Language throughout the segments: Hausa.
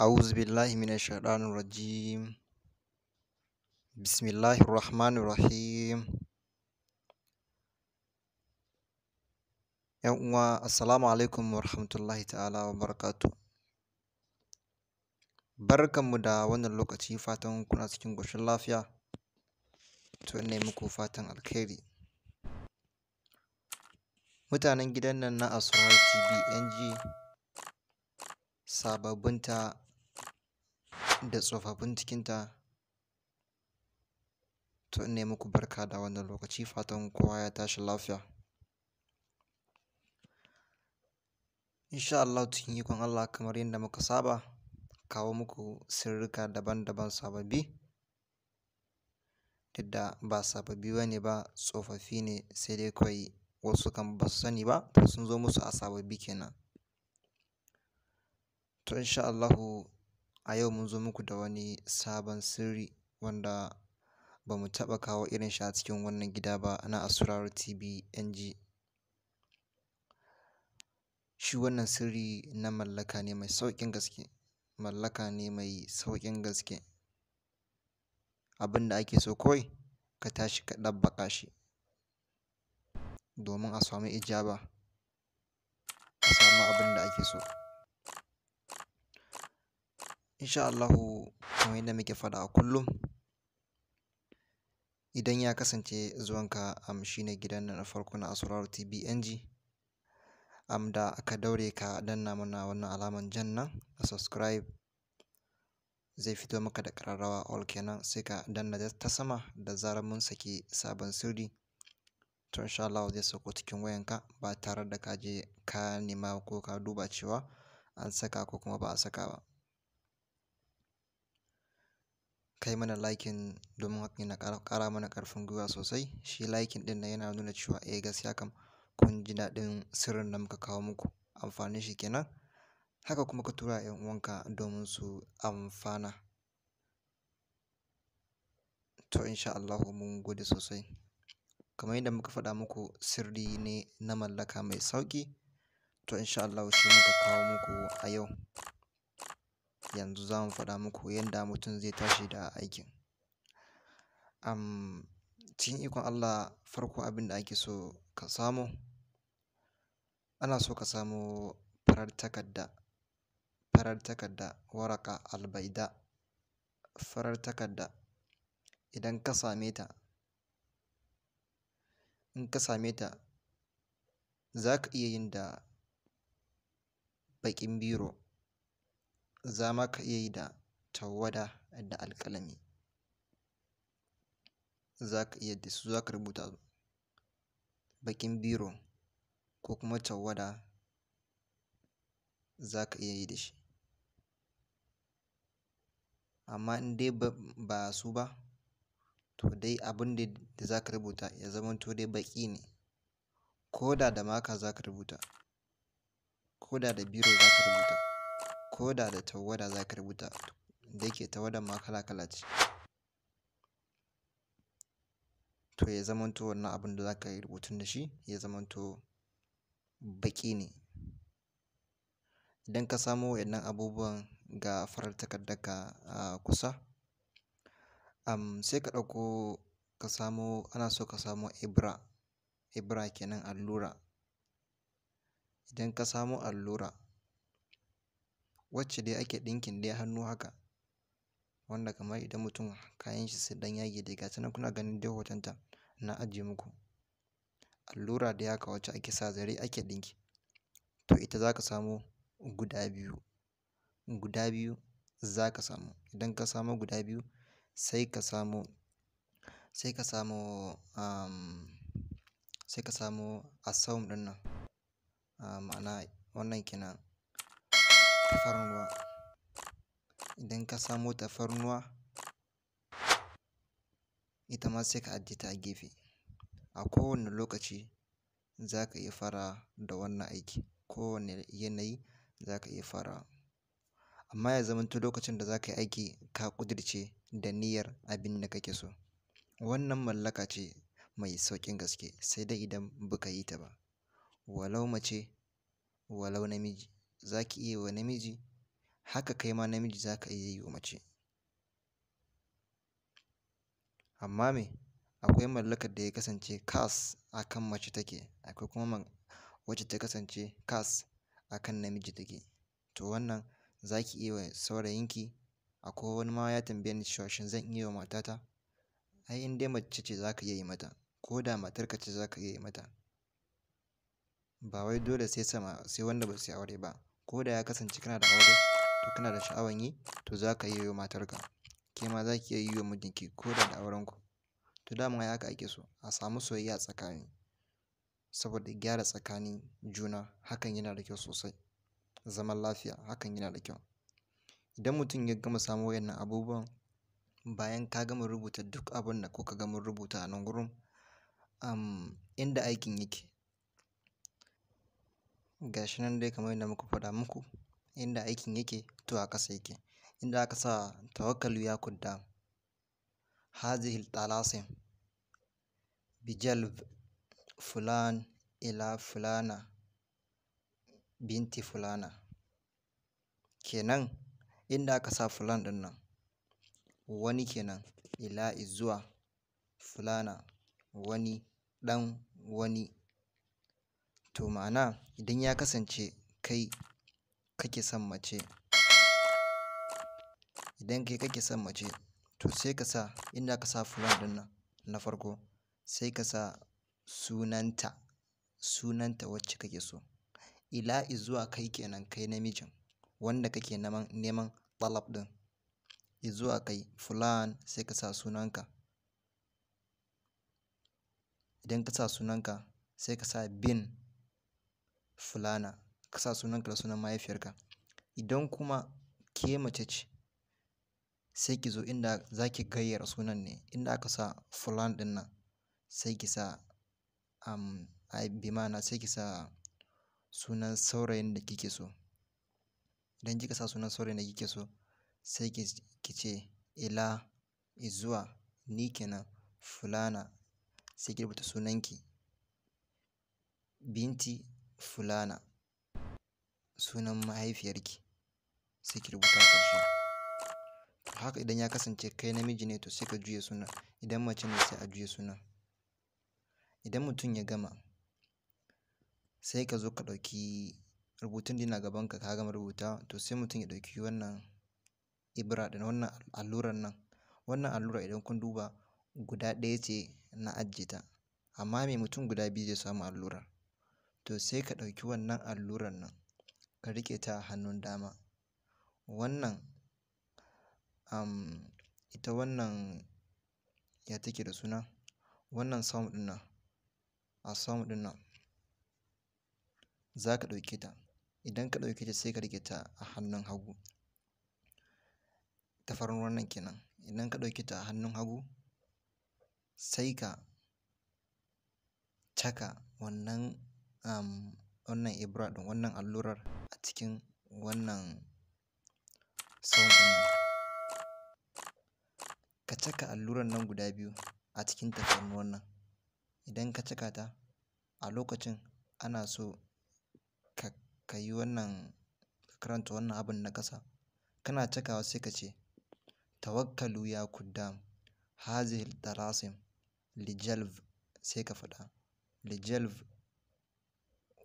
أعوذ بالله من الشيطان الرجيم بسم الله ‘Yan uwa, Assalamu alaikum wa rahmatullahi ta'ala wa barakatu. Barkanmu da wannan lokaci fatan kuna cikin ƙoshin lafiya, to ina muku fatan alkhairi. Mutanen gidan nan na Asrar TV NG sababbinta da tsofaffin cikinta. To ina muku barka da wannan lokaci fatan kowa ya tashi lafiya. Insha Allah cikin ikon Allah kamar yadda muka saba kawo muku sirrika daban-daban sababbi. Duk da ba sababbi ba ne ba tsofaffi ne sai dai kawai wasu kan ba su sani ba to sun zo musu a sababbi kenan. To insha Allah A yau mun zo muku da wani sabon sirri wanda ba mu taɓa kawo irin shi a cikin wannan gida ba na Asuraru TV NG. Shi wannan sirri na mallaka ne mai sauƙin gaske, mallaka ne mai sauƙin gaske. Abin ake so kawai ka tashi ka ɗabbaƙa shi domin a samu ijaba, a samu abin ake so. Insha Allahu kamar yadda muke faɗa a kullum, idan ya kasance zuwanka am shi gidan na farko na Asraru TV am da ka daure ka danna mana wannan alaman jan nan subscribe, zai fito maka da kararrawa all kenan sai ka danna ta sama da zarar mun saki sabon sirri. To insha Allah zai sauko cikin wayanka ba tare da ka je ka nema ko ka duba cewa an saka ko kuma ba a saka ba. kai mana liking domin hakan yana ƙara mana ƙarfin gwiwa sosai. Shi liking ɗin nan yana nuna cewa eh gaskiya kam kun ji daɗin sirrin da muka kawo muku. Amfanin shi kenan. Haka kuma ka tura 'yan uwanka domin su amfana. To in sha mun gode sosai. Kamar yadda muka faɗa muku sirri ne na mallaka mai sauƙi. To in sha shi muka kawo muku a yau. yanzu za mu faɗa muku yadda mutum zai tashi da aikin. Am, cikin ikon Allah farko abin da ake so ka samu, ana so ka samo farar takarda farar takarda waraka albaida, farar takarda Idan ka same ta, in ka same ta za ka iya yin da baƙin biro za ma ka iya yi da tawada da alƙalami za ka iya da su za ka rubuta baƙin biro ko kuma tawada za ka iya yi da shi amma in dai ba su ba to dai abin da za ka rubuta ya zama to dai baƙi ne ko da da maka za ka rubuta ko da da biro za ka rubuta ko da da tawada za ka rubuta da yake tawadan ma kala kala ce to ya zamanto wannan abin da za ka yi rubutun da shi ya zamanto baƙi ne idan ka samo waɗannan abubuwan ga farar takardarka a kusa um, sai ka ɗauko ka samo ana so ka samo ibra ibra kenan allura idan ka samo allura wacce dai ake ɗinkin dai hannu haka wanda kamar idan mutum kayan shi sun ɗan yage dai gata nan kuna ganin dai hotonta na ajiye muku allura dai haka wacce ake sa zare ake ɗinki to ita za ka samo guda biyu guda biyu za ka samu idan ka samo guda biyu sai ka samo sai ka samo um, sai ka samo asaum ɗin nan ma'ana wannan kenan tafarnuwa. Idan ka samo tafarnuwa, ita ma sai ka ajiye ta a gefe. A kowane lokaci za ka iya fara da wannan aiki. Kowane yanayi za ka iya farawa. Amma ya zamanto lokacin da za ka yi aiki ka ƙudirce da niyyar abin da kake so. Wannan mallaka ce mai sauƙin gaske sai dai idan ba ka yi ta ba. Walau mace, walau namiji. za ki iya wa namiji haka kai ma namiji za ka iya yi wa mace amma me akwai mallakar da ya kasance kas a kan mace take akwai kuma wacce ta kasance kas akan kan namiji take to wannan za ki iya wa saurayinki akwai wani ma ya tambaye ni cewa shin zan iya wa matata ai in dai mace ce za ka iya yi mata ko da matarka ce za ka iya yi mata ba wai dole sai sama sai wanda ba su yi aure ba ko da ya kasance kana da aure to kana da sha'awan yi to za ka iya yi wa matarka ke ma za ki iya yi wa mijinki ko da da ku to dama haka ake so a samu soyayya tsakani saboda gyara tsakanin juna hakan yana da kyau sosai zaman lafiya hakan yana da kyau idan mutum ya gama samun wayannan abubuwan bayan ka gama rubuta duk abin da kuka gama rubuta a nan gurin um, inda aikin yake Gashi nan dai kamar yadda muka faɗa muku, inda aikin yake to a ƙasa yake. Inda aka sa tawakkalu ya kuddam. Hazihil talasin Bijal. fulan ila fulana binti fulana. Kenan inda aka sa fulan ɗin nan wani kenan ila izuwa fulana wani ɗan wani. to ma'ana idan ya kasance kai kake son mace idan kai kake son mace to sai ka sa inda ka sa fulan din nan na farko sai ka sa sunanta sunanta wacce kake so ila izuwa kai kenan kai namijin wanda kake neman neman ɗalab ɗin izuwa kai fulan sai ka sa sunanka idan ka sa sunanka sai ka sa bin fulana ka sa sunanka da sunan mahaifiyarka. Idan kuma ke mace ce sai ki zo inda za ki gayyara sunan ne. Inda aka sa fulan ɗin nan sai ki sa, um, bi ma'ana sai ki sa sunan saurayin da kike so. Idan kika sa sunan saurayin da kike so sai ki, ki ce ila, izuwa, ni kenan fulana sai ki rubuta sunanki. Binti fulana sunan mahaifiyarki sai ki rubuta a ƙarshe to haka idan ya kasance kai namiji ne to sai ka juya sunan idan mace ne sai a juya sunan idan mutum ya gama sai ka zo ka ɗauki rubutun da yana ka ka gama rubuta to sai mutum ya ɗauki wannan ibra ɗin wannan allurar nan wannan allura idan kun duba guda ɗaya ce na ajiye ta amma me mutum guda biyu zai samu allurar to sai ka ɗauki wannan allurar nan ka riƙe ta a hannun dama wannan um, ita wannan ya take da suna wannan sam ɗin nan a sam ɗin nan za ka ɗauki ta idan ka ɗauki ta sai ka riƙe ta a hannun hagu ta farin wannan kenan idan ka ɗauki ta a hannun hagu sai ka caka wannan um, wannan Ibroad ɗin wannan allurar a cikin wannan sawun ɗin Ka caka allurar nan guda biyu a cikin tafarnuwan nan. Idan ka caka ta a lokacin ana so ka ka yi wannan karanta wannan abin na ƙasa. Kana cakawa sai ka ce tawakkalu ya kuddam hazihil ɗarasim lijalv sai ka faɗa lijalv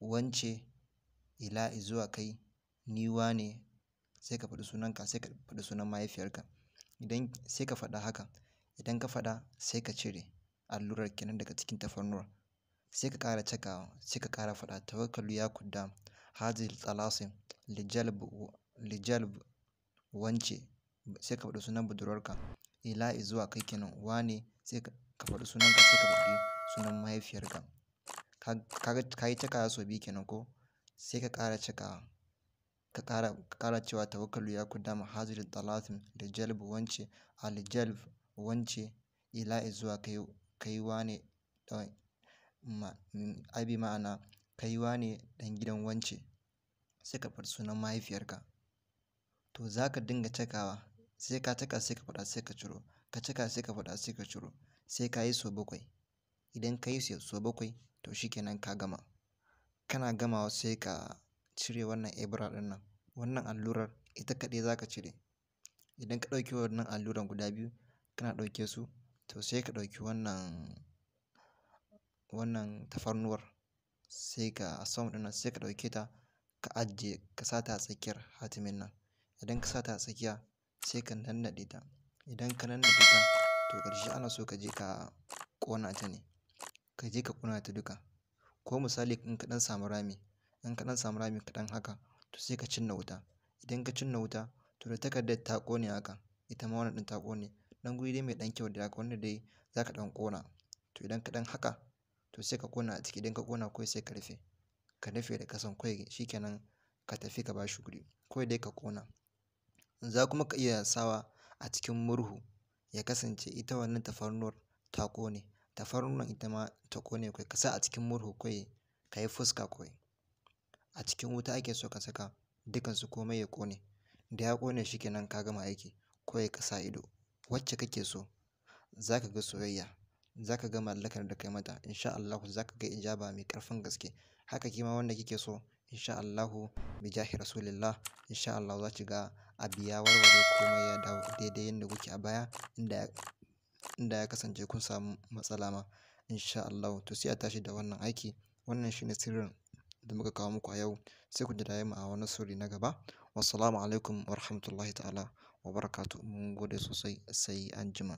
wance ila izuwa kai ni wane sai ka faɗi sunanka sai ka faɗi sunan mahaifiyarka. Idan sai ka faɗa haka. Idan ka faɗa sai ka cire allurar kenan daga cikin tafarnuwa Sai ka ƙara cakawa sai ka ƙara faɗa tawakkalu ya kuddam hazihil talasim lijalb lijalb wance sai ka faɗi sunan budurwarka ila izuwa kai kenan wane sai ka faɗi sunanka sai ka faɗi sunan mahaifiyarka. ka yi kaya sau biyu kenan ko sai ka ƙara cikawa ka ƙara ka ƙara cewa tawakkalu ya kuddama hazil talatin da jalb wance jalb wance ila zuwa kai kai wane ai bi ma'ana kai wane ɗan gidan wance sai ka faɗi sunan mahaifiyarka to za ka dinga cakawa sai ka caka sai ka faɗa sai ka ciro ka cika sai ka faɗa sai ka ciro sai ka yi sau bakwai Idan ka yi su sau bakwai to kenan ka gama. Kana gamawa sai ka cire wannan ebra ɗin nan. Wannan allurar ita kaɗai za ka cire. Idan ka ɗauki wannan alluran guda biyu kana ɗauke su to sai ka ɗauki wannan, wannan tafarnuwar sai ka asam ɗin sai ka ɗauke ta ka ajiye ka sa ta a tsakiyar hatimin nan. Idan ka sa ta a tsakiya sai ka nannaɗe ta. Idan ka nannaɗe ta to ƙarshe ana so ka je ka ƙona ta ne. ka je ka ƙona ta duka. Ko misali in ka ɗan samu rami, in ka ɗan samu rami kaɗan haka to sai ka cinna wuta. Idan ka cinna wuta to da takardar ta ƙone haka ita ma wannan ɗin ta ƙone. Ɗan guri dai mai ɗan kyau da haka wanda dai za ka ɗan ƙona. To idan ka ɗan haka to sai ka ƙona a ciki idan ka ƙona kawai sai ka rufe. Ka rufe da ƙasan kawai shi ke ka tafi ka ba shi guri. Kawai dai ka ƙona. Za kuma ka iya sawa a cikin murhu ya kasance ita wannan tafarnuwar ta ƙone tafarnuwan ita ma ta ƙone kawai ka sa a cikin murhu kawai ka yi fuska kawai a cikin wuta ake so ka saka dukansu komai ya ƙone da ya ƙone shi kenan ka gama aiki kawai ka sa ido wacce kake so za ka ga soyayya za ka ga mallakar da kai mata insha Allahu za ka ga ijaba mai ƙarfin gaske haka kima wanda kike so insha Allahu bi jahi rasulillah insha Allah za ki ga abu warware komai ya dawo daidai yadda kuke a baya inda inda ya kasance kun samu matsala ma insha Allahu to sai a tashi da wannan aiki. Wannan shine sirrin da muka kawo muku a yau. Sai ku jira mu a wani sirri na gaba. Wassalamu alaikum wa rahmatullahi ta'ala wa barakatuh. Mun gode sosai sai anjima.